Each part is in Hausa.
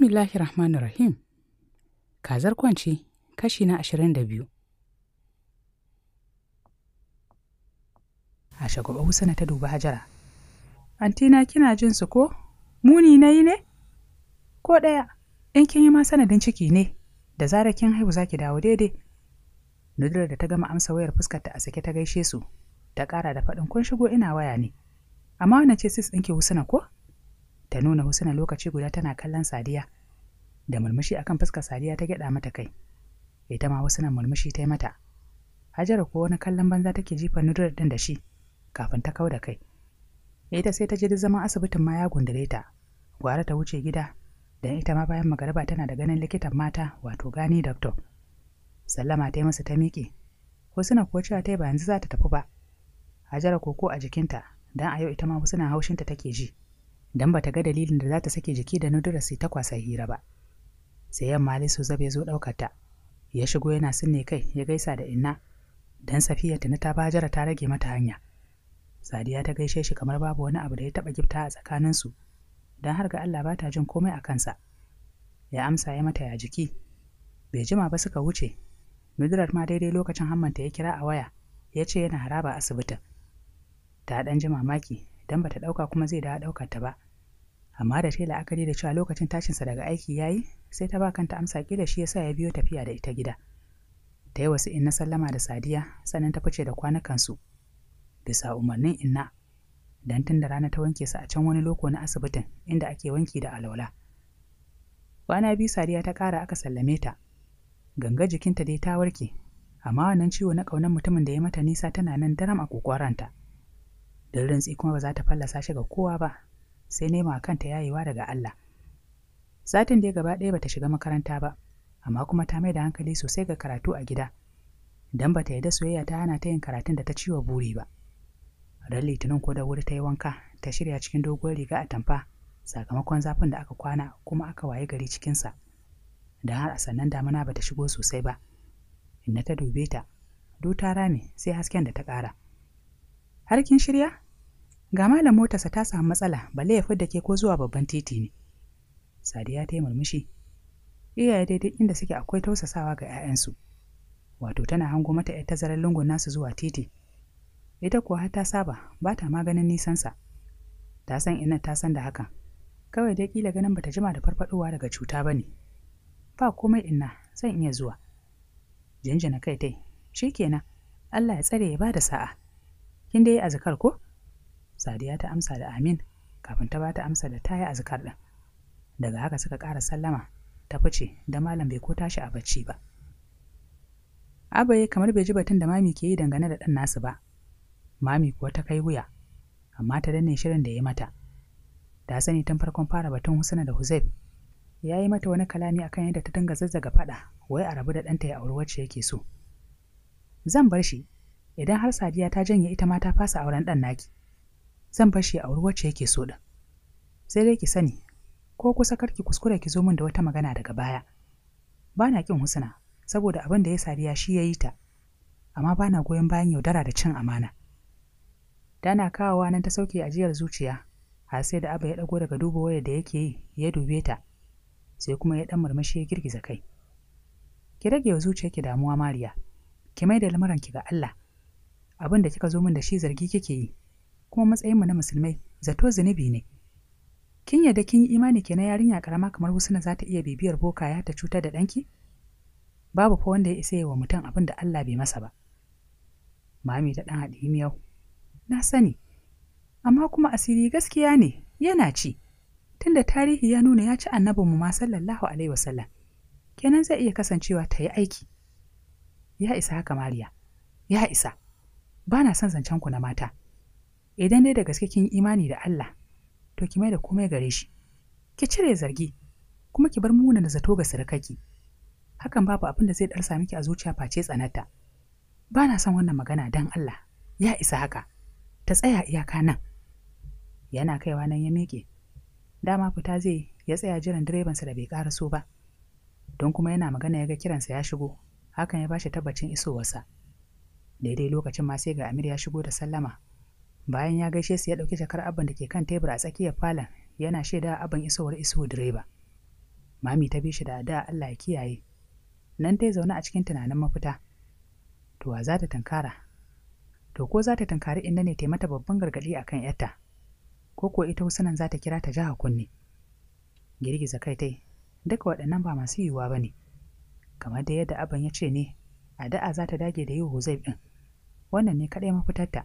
Bismillahi Rahmanir Rahim. Kazar kwanci kashi na ashirin da biyu. A shagwaba ta duba Hajara. Antina kina jin su ko? Muni na yi ne? Ko ɗaya, in kin yi ma sanadin ciki ne, da zarar kin haihu zaki ki dawo daidai. Nudura da ta gama amsa wayar fuskar ta a sake ta gaishe su, ta ƙara da faɗin kun shigo ina waya ne. Amma wannan ce sis ɗinki Husana ko? ta nuna husuna lokaci guda tana kallon sadiya da murmushi akan fuskar sadiya ta gyada mata kai ita ma husuna murmushi ta yi mata hajara ko wani kallon banza take jifa nudurar din da shi kafin ta kau da kai ita sai ta ji zaman asibitin ma ya gundure ta gwara ta wuce gida dan ita ma bayan magaraba tana da ganin likitan mata wato gani doctor sallama ta yi masa ta miƙe husuna ko cewa ta yi ba yanzu za ta tafi ba hajara koko a jikinta dan a yau ita ma husuna haushinta take ji don ta ga dalilin da za ta sake jiki da nudura sai ta kwasa hira ba sai yamma Alisu Zab ya zo ɗaukar ta ya shigo yana sinne kai ya gaisa da inna Don Safiya tuni ta bajara ta rage mata hanya Sadiya ta gaishe shi kamar babu wani abu da ya taɓa gifta a tsakaninsu Don har ga Allah ba ta jin komai a kansa ya amsa ya mata ya jiki bai jima ba suka wuce nudurar ma daidai lokacin ta ya kira a waya ya ce yana haraba asibitin ta ɗan ji mamaki dan bata ɗauka kuma zai dawo ɗaukar ta ba amma da ta la'akari da cewa lokacin tashinsa daga aiki yayi sai ta ba kanta amsa kila shi yasa ya biyo tafiya da ita gida ta yi wasu inna sallama da sadiya sannan ta fice da kwanakan su. bisa umarnin inna dan tun da rana ta wanke su a can wani loko na asibitin inda ake wanki da alwala kwana biyu sadiya ta kara aka sallame ta ganga jikinta dai ta warke amma wannan ciwo na ƙaunar mutumin da ya mata nisa tana nan daram a ta Din rantsi kuma ba za ta fallasa shi ga kowa ba sai nema kanta yayewa daga Allah satin da ya gaba ɗaya bata shiga makaranta ba amma kuma ta mai da hankali sosai ga karatu a gida don bata yarda soyayya ta hana ta yin karatun da ta ciwa buri ba ran litinin ko da wuri ta yi wanka ta shirya cikin doguwar riga a tamfa sakamakon zafin da aka kwana kuma aka waye gari cikinsa da har a sannan damuna bata shigo sosai ba inna ta dube ta do ta rame sai hasken da ta ƙara har kin shirya ga malam motarsa ta samu matsala balle ya fidda ke ko zuwa babban titi ne sadiya ta yi murmushi iyaye daidai inda suke akwai tausasawa ga 'ya'yansu wato tana hango mata 'yar tazarar lungun nasu zuwa titi ita kuwa har ta saba ba ta maganin nisansa ta san ina ta san da hakan kawai dai kila ganin bata jima da farfadowa daga cuta ba ne ba komai inna zan iya zuwa jinjina kai tai shikenan Allah ya tsare ya bada sa'a kin dai azkar ko sadiya ta amsa da amin kafin ta bata amsa da tayi yi azkar din daga haka suka ƙara sallama ta fice da malam bai ko tashi a bacci ba abaye kamar bai ji batun da mami ke yi dangane da ɗan nasu ba mami kuwa ta kai wuya amma ta danne shirin da ya mata ta sani tun farkon fara batun husna da huzaif ya yi mata wani kalami akan yadda ta dinga zazzaga faɗa wai a rabu da ɗanta ya auri wacce yake so zan bar shi idan har sadiya ta janye ita ma ta fasa auren ɗan naki zan bar shi a wuri wacce yake so ɗin sai dai ki sani ko kusa kar ki kuskura ki zo min da wata magana daga baya ba na ƙin husna saboda abin da ya sadiya shi ya yi ta amma ba na goyon bayan yaudara da cin amana dana kawowa nan ta sauke ajiyar zuciya har sai da aba ya ɗago daga duba wayar da yake yi ya dube ta sai kuma ya ɗan murmushi ya girgiza kai ki rage wa zuciyarki damuwa mariya ki mai da lamuranki ga allah abin da kika zo min da shi zargi kike yi kuma matsayinmu na musulmai zato zunubi ne kin yadda kin yi imani kenan yarinya karama kamar husna za ta iya bibiyar boka ya ta cutar da danki? babu fa wanda ya isa yi wa mutum abin da Allah bai masa ba mami ta ɗan haɗi miyau na sani amma kuma asiri gaskiya ne yana ci tunda tarihi ya nuna ya ci annabin mu ma sallallahu alaihi wasallam kenan zai iya kasancewa ta yi aiki ya isa haka mariya ya isa ba na son zancen ku na mata idan dai da gaske kin imani da Allah to ki mai da komai gare shi ki cire zargi kuma ki bar muna da zato ga sirkaki hakan babu abin da zai ɗarsa miki a zuciya face tsanarta ba na son wannan magana dan Allah ya isa haka ta tsaya iyaka nan yana kaiwa nan ya miƙe dama fita zai ya tsaya jiran sa da bai ƙaraso ba don kuma yana magana ya ga kiransa ya shigo hakan ya bashi tabbacin isowarsa. daidai lokacin ma sai ga amir ya shigo da sallama bayan ya gaishe su ya ɗauki jakar abin da ke kan tebur a tsakiyar falon yana shaida abin isowar iso direba mami ta bi shi da da allah ya kiyaye nan ta zaune a cikin tunanin mafita to wa za ta tunkara to ko za ta tunkari inda ne mata babban gargaɗi a kan yarta ko ko ita nan za ta kira ta jiha kunne girgiza kai tai duka waɗannan ba masu yiwuwa ba ne kamar da yadda abin ya ce ne a da'a za ta dage da yi huzaib ɗin wannan ne kaɗai mafitarta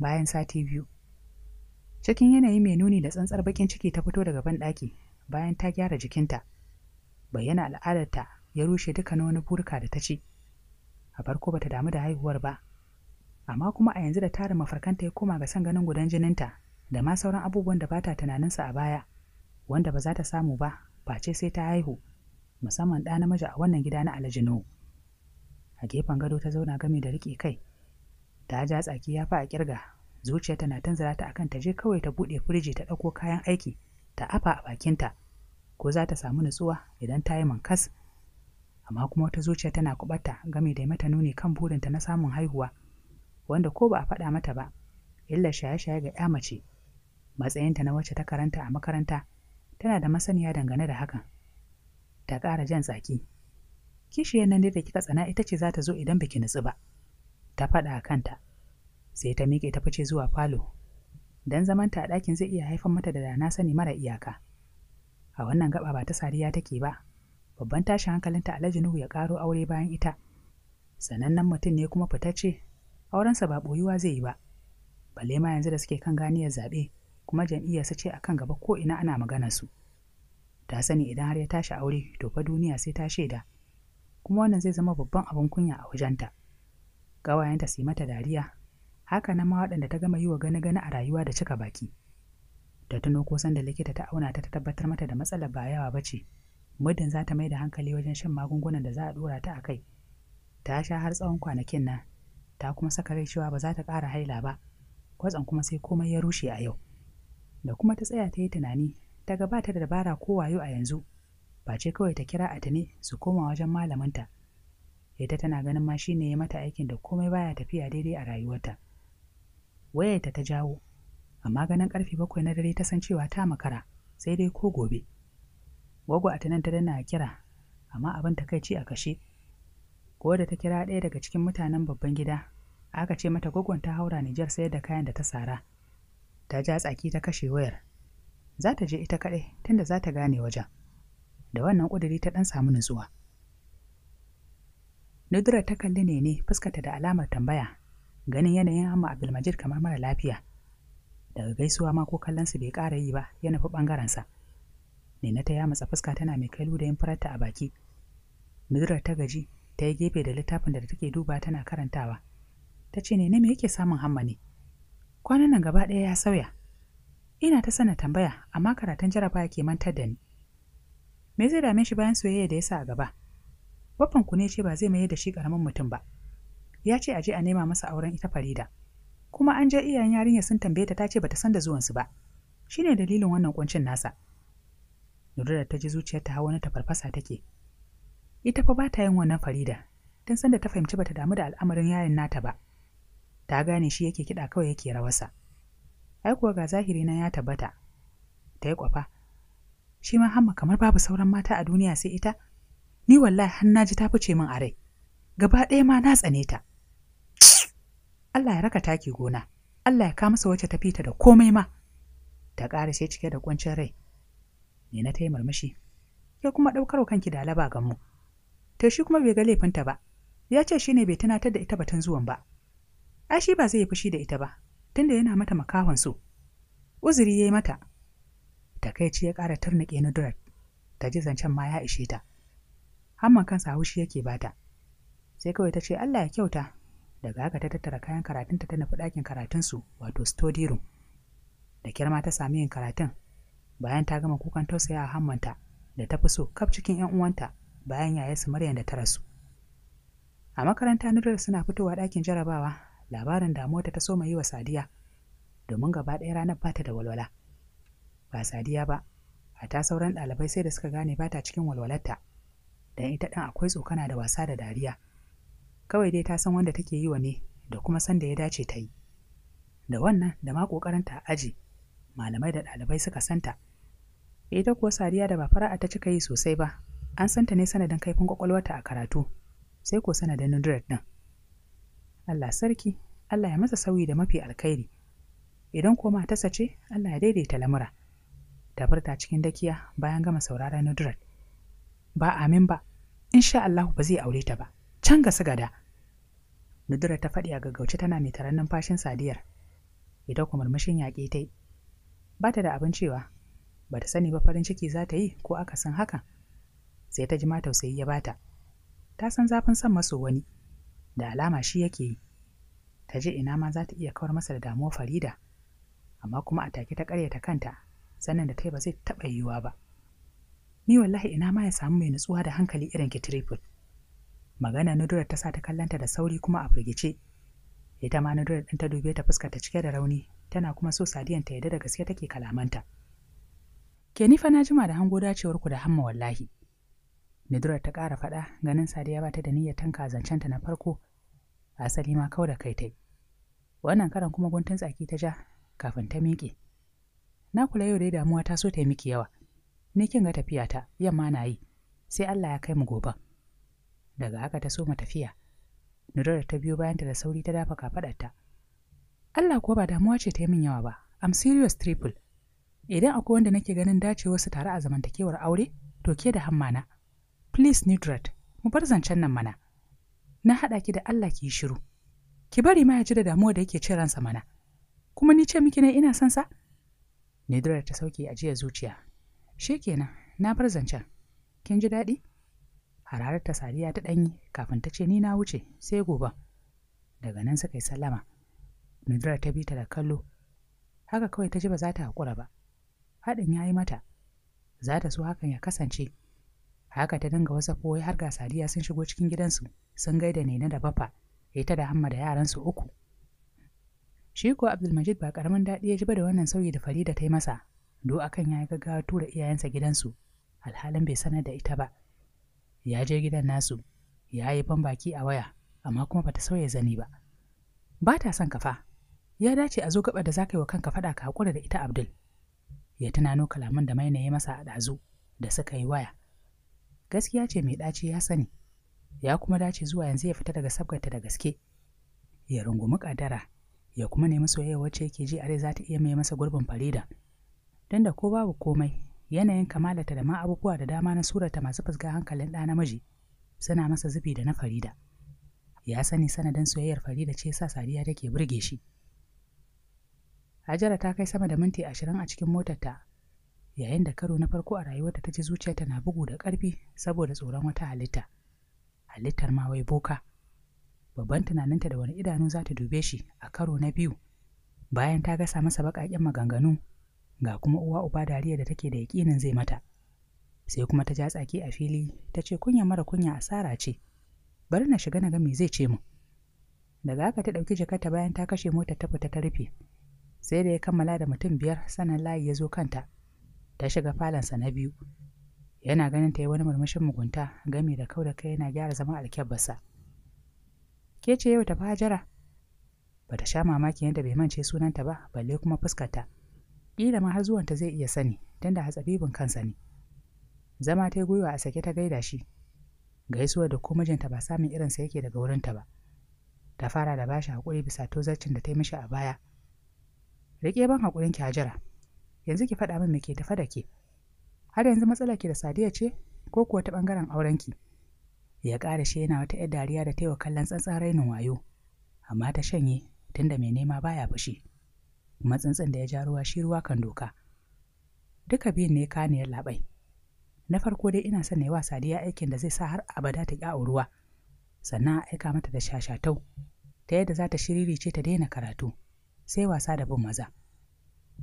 bayan sati biyu cikin yanayi mai nuni da tsantsar bakin ciki ta fito daga banɗaki bayan ta gyara jikinta bayyana al'adarta ya rushe na wani burka da ta ci a farko bata damu da haihuwar ba amma kuma a yanzu da tarin mafarkanta ya koma ga san ganin gudan jininta da ma sauran abubuwan da bata tunaninsa a baya wanda ba za ta samu ba face sai ta haihu musamman ɗa namiji a wannan gida na nuhu a gefen gado ta zauna game da riƙe kai ta ja tsaki ya fa a kirga zuciya tana tanzara ta akan ta je kawai ta buɗe firiji ta ɗauko kayan aiki ta afa a bakinta ko za ta samu nutsuwa idan ta yi mankas amma kuma wata zuciya tana kubata game da mata nuni kan burinta na samun haihuwa wanda ko ba a faɗa mata ba illa shaye-shaye ga ya mace matsayinta na wacce ta karanta a makaranta tana da masaniya dangane da hakan ta ƙara jan tsaki kishiyar nan da kika tsana ita ce za ta zo idan baki nutsu ba ta faɗa a kanta sai ta miƙe ta fice zuwa falo dan zamanta a dakin zai iya haifar mata da dana sani mara iyaka a wannan gaba ba ta sariya take ba babban tashin hankalinta alhaji nuhu ya ƙaro aure bayan ita sanannen mutum ne kuma fitacce aurensa ba ɓoyuwa zai yi ba balle ma yanzu da suke kan ganiyar zaɓe kuma su ce akan gaba ko ina ana magana su ta sani idan har ya tashi aure to fa duniya sai ta shaida kuma wannan zai zama babban abin kunya a wajenta ƙawayenta su yi mata dariya haka nan ma waɗanda ta gama yi wa gani-gani a rayuwa da cika baki ta tuno ko san da likita ta auna ta ta tabbatar mata da matsalar ba yawa ba ce muddin za ta mai da hankali wajen shan magungunan da za a ɗora ta a kai ta sha har tsawon kwanakin nan ta kuma saka rai cewa ba za ta ƙara haila ba kwatsan kuma sai komai ya rushe a yau da kuma ta tsaya ta yi tunani ta gabata da dabara ko wayo a yanzu Ba ce kawai ta kira atane su koma wajen malaminta ita tana ganin ma shine ya mata aikin da komai baya tafiya daidai a rayuwarta wayarta ta jawo amma ganin karfe bakwai na dare ta san cewa ta makara sai dai ko gobe a atanan ta dana kira amma abin ta kai ci a kashe ko da ta kira ɗaya daga cikin mutanen babban gida aka ce mata gwagwan ta haura Nijar sayar da kayan da ta sara ta ja tsaki ta kashe wayar za ta je ita kaɗai tunda za ta gane wajen da wannan ƙuduri ta ɗan samu nutsuwa. Nudura ta kalli ne ne fuskata da alamar tambaya ganin yanayin amma Abdulmajid kamar mara lafiya. Daga gaisuwa ma ko kallon su bai ƙara yi ba ya fi ɓangarensa. Nina ta matsa fuska tana mai kai ludayin farata a baki. Nudura ta gaji ta yi gefe da littafin da take duba tana karantawa. Ta ce ne me yake samun hamma ne? Kwanan nan gaba ɗaya ya sauya. Ina ta sana tambaya amma karatun jaraba ke mantar da ni. Me zai dame shi bayan soyayya da ya a gaba? Baffan ku ne ce ba zai mayar da shi karamin mutum ba. Ya ce a je a nema masa auren ita Farida. Kuma an je iyayen yarinya sun tambaye ta ta ce bata san da zuwansu ba. Shi ne dalilin wannan kuncin nasa. Nurira ta ji zuciyarta hawa na tafarfasa take. Ita fa ba ta yin wannan Farida, don sanda ta fahimci bata damu da al'amarin yayin nata ba. Ta gane shi yake kiɗa kawai yake rawarsa. Ai kuwa ga zahiri na ya tabbata. Ta yi kwafa, shi ma hamma kamar babu sauran mata a duniya sai ita ni wallahi har na ji ta fice min a rai gaba ɗaya ma na tsane ta Allah ya raka taki gona Allah ya kama masa wacce ta fita da komai ma ta ƙara sai cike da kuncin rai ne na ta yi murmushi ke kuma ɗaukar kanki da alaba ga mu to shi kuma bai ga laifinta ba ya ce shi ne bai tunatar da ita batun zuwan ba ai shi ba zai yi fushi da ita ba tunda yana mata makahon su uzuri ya yi mata takaici ya ƙara na Nudrat ta ji zancen ma ya ishe ta hamman kansa haushi yake bata sai kawai ta ce Allah ya kyauta daga haka ta tattara kayan karatunta ta nufi ɗakin karatunsu wato study room da kirma ta sami yin karatun bayan ta gama kukan tausayawa a ta da ta fi so kaf cikin 'yan uwanta bayan su Maryam da ta rasu a makaranta Nudrat suna fitowa ɗakin jarabawa labarin damuwarta ta so mai yi wa Sadiya domin gaba ɗaya ranar bata da walwala. ba sadiya ba a ta sauran ɗalibai sai da suka gane ba ta cikin walwalarta don ita ɗan akwai tsokana da wasa da dariya kawai dai ta san wanda take yi wa ne da kuma san da ya dace ta yi da wannan da ma ƙoƙarinta a aji malamai da ɗalibai suka santa ita kuwa sadiya da ba fara'a ta cika yi sosai ba an santa ne sanadin kaifin ƙwaƙwalwarta a karatu sai ko sanadin nudrat ɗin Allah sarki Allah ya masa sauyi da mafi alkhairi idan ko matarsa ce Allah ya daidaita lamura ta furta cikin dakiya bayan gama saurara na durat ba amin ba insha Allah ba zai aure ta ba can gasa gada Nudura ta faɗi a gaggauce tana mai taron numfashin sadiyar ita kuma murmushin yaƙi ta ba ta da abin cewa ba ta sani ba farin ciki za ta yi ko aka san haka sai ta ji ma tausayi ya bata ta san zafin san maso wani da alama shi yake yi ta ji ina ma za ta iya kawar masa da damuwar farida amma kuma a take ta ta kanta sannan da ta ba zai taɓa yiwuwa ba ni wallahi ina ma ya samu mai nutsuwa da hankali irin ki tripul. magana nudurar ta sa ta kallanta da sauri kuma a firgice ita ma nudurar ɗin ta dube ta fuska ta cike da rauni tana kuma so sadiyan ta yadda da gaske take kalamanta ke ni fa na jima da hango dacewar ku da hamma wallahi nudurar ta ƙara faɗa ganin sadiya ba ta da niyyar tanka zancenta na farko asali ma kau da kai tai wannan karan kuma guntun tsaki ta ja kafin ta miƙe na kula yau dai damuwa ta so ta yi miki yawa ni kin ga tafiya ta yamma na yi sai Allah ya kai mu gobe daga haka ta so tafiya Nurara ta biyo bayanta da sauri ta dafa kafadarta Allah kuwa ba damuwa ce ta yi min yawa ba I'm serious triple idan akwai wanda nake ganin dacewar su tare a zamantakewar aure to ke da hammana please nutrat mu bar zancen nan mana na haɗa ki da Allah ki yi shiru ki bari ma ya ji da damuwa da yake ce ransa mana kuma ni ce miki ne ina son sa Nidra ta sauke a jiya zuciya. kenan, na bar zancen. Kin ji daɗi? Hararar ta Sadiya ta ɗanyi kafin ta ce ni na wuce sai gobe. Daga nan suka yi sallama. Nidra ta bi ta da kallo. Haka kawai ta ji ba za ta haƙura ba. Haɗin ya yi mata. Za ta so hakan ya kasance. Haka ta dinga wasa wai har ga sariya sun shigo cikin gidansu sun gaida Nena da Bafa, ita da Hamma da yaransu uku. Shi Abdulmajid ba karamin daɗi ya ji ba da wannan sauyi da Farida ta yi masa, do akan ya yi gaggawa tura iyayensa gidansu, alhalin bai sanar da ita ba. Ya je gidan nasu, ya yi ban baki a waya, amma kuma bata sauya zani ba. Ba ta son kafa, ya dace a zo gaba da za ka yi wa kanka faɗa ka haƙura da ita Abdul. Ya tunano kalaman da maina ya masa a ɗazu da suka yi waya. Gaskiya ce mai ɗaci ya sani, ya kuma dace zuwa yanzu ya fita daga sabgarta da gaske. Ya rungumi ƙadara ya kuma nemi soyayya wacce yake ji are za ta iya mai masa gurbin farida don da ko babu komai yanayin kamalata da ma abubuwa da dama na surata masu fuska hankalin ɗa namiji suna masa zubi da na farida ya sani sanadin soyayyar farida ce sa sadiya take burge shi hajara ta kai sama da minti ashirin a cikin motarta yayin da karo na farko a rayuwarta ta ji zuciyarta na bugu da ƙarfi saboda tsoron wata halitta halittar ma wai boka babban tunaninta da wani idanu za ta dube shi a karo na biyu bayan ta gasa masa baƙaƙen maganganu ga kuma uwa uba dariya da take da yaƙinin zai mata sai kuma ta ja tsaki a fili ta ce kunya mara kunya asara ce bari na shiga na ga me zai ce mu daga haka ta ɗauki jakarta bayan ta kashe mota ta fita ta rufe sai da ya kammala da mutum biyar sanan layi ya zo kanta ta shiga falonsa na biyu yana ganin ta yi wani murmushin mugunta game da kau da kai yana gyara zama alkyabarsa Ke ce yau tafi Hajara? Ba ta sha mamakin yadda bai mance sunanta ba, balle kuma fuskarta. Ƙila ma har zuwanta zai iya sani, don da hatsabibin kansa ne. Zama ta gwiwa a sake ta gaida shi. gaisuwa da ko mijinta ba samun irinsa yake daga wurinta ba. Ta fara da bashi haƙuri bisa tozarcin da ta yi mishi a baya. Riƙe ban haƙurinki ki Hajara. Yanzu ki faɗa min me ke tafa da ke. Har yanzu matsalar ki da Sadiya ce ko kuwa ta ɓangaren aurenki? ki. ya ƙara shi yana wata 'yar dariya da ta yi wa kallon tsantsan rainin wayo amma ta shanye tunda mai nema baya fushi kuma tsantsan da ya ja ruwa shi ruwa kan doka duka biyun ne kaniyar labai na farko dai ina son na yi wa sadiya aikin da zai sa har abada ta ƙi ruwa sannan a aika mata da shashatau ta yadda za ta ce ta daina karatu sai wasa da bin maza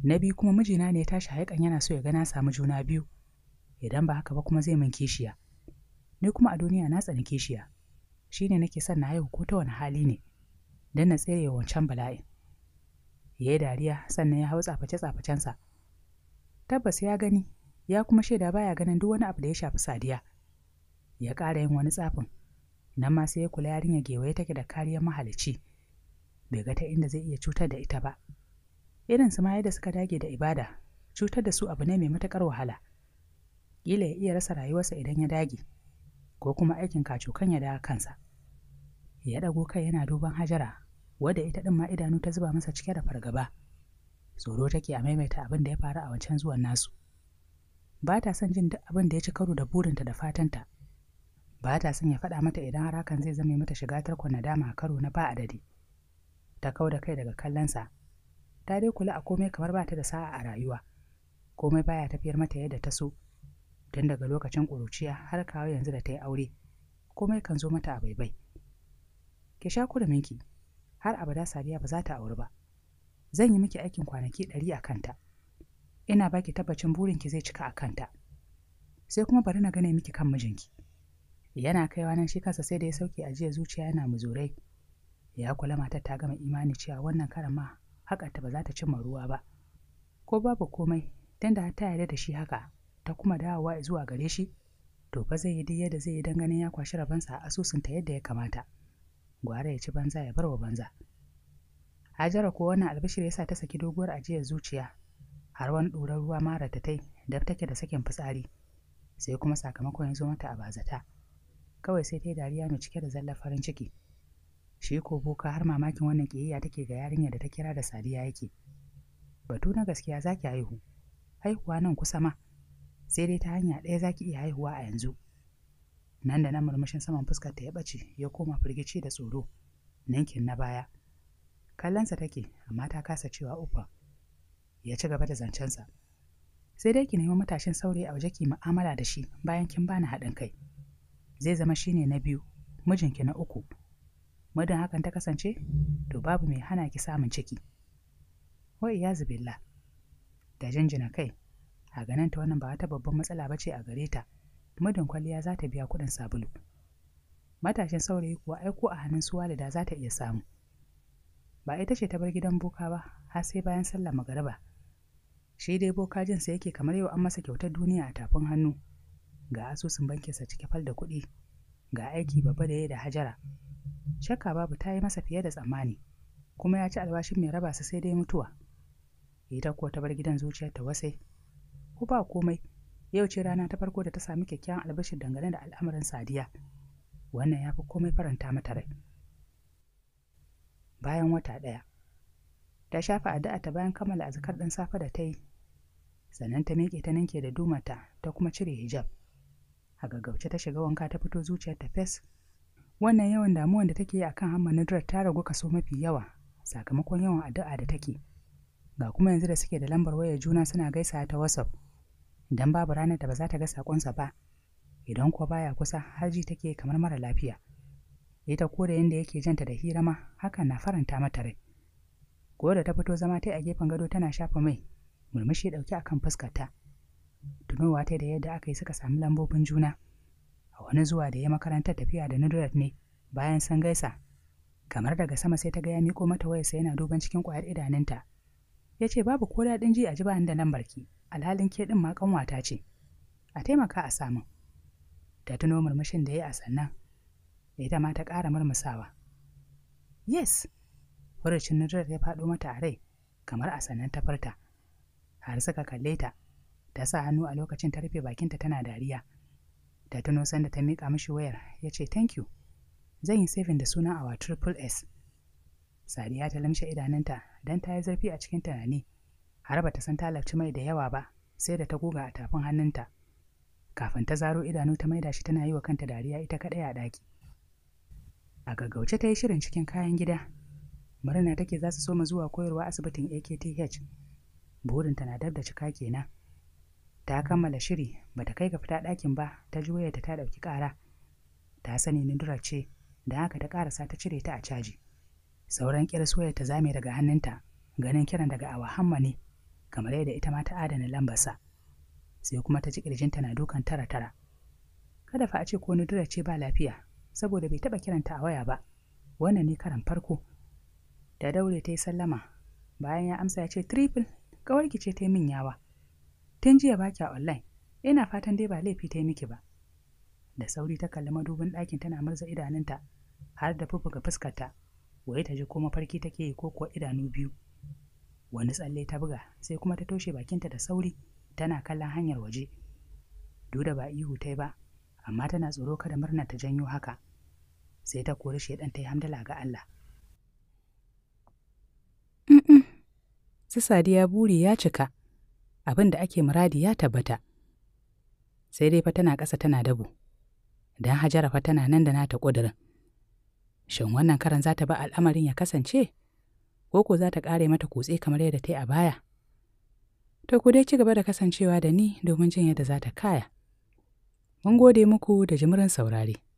na biyu kuma mijina ne ya tashi haikan yana so ya ga na samu juna biyu idan ba haka ba kuma zai min kishiya ni kuma a duniya na tsani kishiya shi ne nake son na haihu ko ta wani hali ne don na tsere wancan bala'in ya yi dariya sannan ya hau tsaface tsafacensa tabbas ya gani ya kuma shaida baya ganin duk wani abu da ya shafi sadiya ya ƙara yin wani tsafin nan ma sai ya kula yarinya gewaye take da kariyar mahalicci bai ga ta inda zai iya cutar da ita ba irin su ma yadda suka dage da ibada cutar da su abu ne mai matuƙar wahala ƙila ya iya rasa rayuwarsa idan ya dage ko kuma aikin kacokan ya dawo kansa ya ɗago kai yana duban hajara wadda ita ɗin ma idanu ta zuba masa cike da fargaba tsoro take a maimaita abin da ya faru a wancan zuwan nasu ba ta son jin duk abin da ya ci karo da burinta da fatanta ba ta son ya faɗa mata idan har hakan zai zame mata shiga na dama a karo na ba adadi ta kau da kai daga kallon sa. ta dai kula a komai kamar ba ta da sa'a a rayuwa komai baya tafiyar mata yadda ta so tun daga lokacin ƙuruciya har kawo yanzu da ta yi aure komai kan zo mata a baibai ki sha kuruminki har abada sadiya ba za ta auri ba zan yi miki aikin kwanaki ɗari a kanta ina baki tabbacin burinki zai cika a kanta sai kuma bari na gane miki kan mijinki yana kaiwa nan shi kansa sai da ya sauke ajiya zuciya yana muzurai ya kula matar ta gama imani cewa wannan karan ma ta ba za ta cimma ruwa ba ko babu komai dan da ta yarda da shi haka ta kuma dawowa zuwa gare shi to fa zai yi duk yadda zai yi dan ganin ya kwashi rabansa a asusunta yadda ya kamata gwara ya ci banza ya bar wa banza hajara ko wannan albashir ya sa ta saki doguwar ajiyar zuciya har wani ɗorar ruwa mara ta tai da take da sakin fitsari sai kuma sakamakon ya zo mata a bazata kawai sai ta yi dariya mai cike da zallar farin ciki shi ko boka har mamakin wannan ƙiyayya take ga yarinya da ta kira da sadiya yake batu na gaskiya za ki haihu haihuwa nan kusa ma sai dai ta hanya ɗaya za ki iya haihuwa a yanzu nan da nan murmushin saman fuskar ta ya ɓace ya koma firgici da tsoro ninkin na baya kallonsa take amma ta kasa cewa ufa ya ci gaba da zancensa sai dai ki nemi matashin saurayi a waje ki mu'amala da shi bayan kin bani haɗin kai zai zama shine na biyu mijinki na uku muddin hakan ta kasance to babu mai hana ki samun ciki wai ya zubilla da jinjina kai a ganin ta wannan ba wata babban matsala ba ce a gare ta madan kwalliya za ta biya kuɗin sabulu matashin saurayi kuwa aiko a hannun su walida za ta iya samu ba ita ce ta bar gidan boka ba har sai bayan sallah magariba shi dai boka jinsa yake kamar yau an masa kyautar duniya a tafin hannu ga asusun bankinsa cike fal da kuɗi ga aiki babba da ya da hajara shakka babu ta yi masa fiye da tsammani kuma ya ci albashin mai raba su sai dai mutuwa ita kuwa ta bar gidan zuciyarta wasai ko ba komai yau ce rana ta farko da ta sami kyakkyawan albashin dangane da al'amarin sadiya wannan ya fi komai faranta mata rai bayan wata ɗaya ta shafa addu'a ta bayan kammala azkar ɗin safe da ta yi sannan ta miƙe ta ninke da dumata ta kuma cire hijab a gaggauce ta shiga wanka ta fito zuciyar ta fes wannan yawan damuwan da take yi akan hamma nadirar ta ragu kaso mafi yawa sakamakon yawan addu'a da take ga kuma yanzu da suke da lambar wayar juna suna gaisa ta whatsapp Idan babu ranar da ba za ta ga saƙonsa ba idan kuwa baya kusa har take kamar mara lafiya ita ko da yadda yake janta da hira ma hakan na faranta mata rai ko da ta fito zama ta a gefen gado tana shafa mai murmushi ɗauke akan fuskarta tunowa ta da yadda aka yi suka samu lambobin juna a wani zuwa da ya makarantar tafiya da nudrat ne bayan san gaisa kamar daga sama sai ta ga ya miko mata wayarsa yana duban cikin ƙwayar idanunta ya ce babu ko daɗin ji a ji ba da lambarki alhalin ke din ma ƙanwata ce a taimaka a samun ta tuno murmushin da ya yi a sannan ita ma ta ƙara murmusawa yes furucin nurar ya faɗo mata a rai kamar a sannan ta furta har suka kalle ta ta sa hannu a lokacin ta rufe bakinta tana dariya ta tuno sanda ta miƙa mishi wayar ya ce thank you zan yi saving da suna awa triple s sadiya ta lamshe idanunta don ta yi zurfi a cikin tunani Haraba ta san ta mai da yawa ba, sai da ta goga a tafin hannunta. Kafin ta zaro idanu ta maida shi tana yi wa kanta dariya ita kaɗai a ɗaki. A gaggauce ta yi shirin cikin kayan gida. Murna take za su soma zuwa koyarwa asibitin AKTH. Burinta na dab da cika kenan. Ta kammala shiri, bata kai ga fita ɗakin ba, ta ji ta ta ɗauki ƙara. Ta sani ni ce, da haka ta ƙarasa ta cire ta a caji. Sauran ƙirs ta zame daga hannunta, ganin kiran daga awa ne. kamar yadda ita ma ta adana lambarsa sai kuma ta ji ƙirjinta na dukan tara tara kada fa a ce ko nudura ce ba lafiya saboda bai taɓa kiranta a waya ba wannan ne karan farko da daure ta yi sallama bayan ya amsa ya ce triple ki ce ta yi min yawa tun jiya ba a online ina fatan dai ba laifi ta yi miki ba da sauri ta kalli madubin ɗakin tana murza idanunta har da fufuka fuskarta waye ta ji ko mafarki take yi ko kuwa idanu biyu wani tsalle ta buga sai kuma ta toshe bakinta da sauri tana kallon hanyar waje duda ba ihu ta ba amma tana tsoro kada murna ta janyo haka sai ta kori shaidan ta yi hamdala ga Allah. Su sadiya buri ya cika, abin da ake muradi ya tabbata. Sai dai fa tana ƙasa tana dabu don hajara fa tana nan da nata ƙudurin. Shin wannan karan za ta ba al'amarin ya kasance? ko ko za ta ƙare mata kutse kamar yadda ta yi a baya. Ta ku dai ci gaba da kasancewa da ni domin jin yadda za ta kaya. Mun gode muku da jimirin saurare.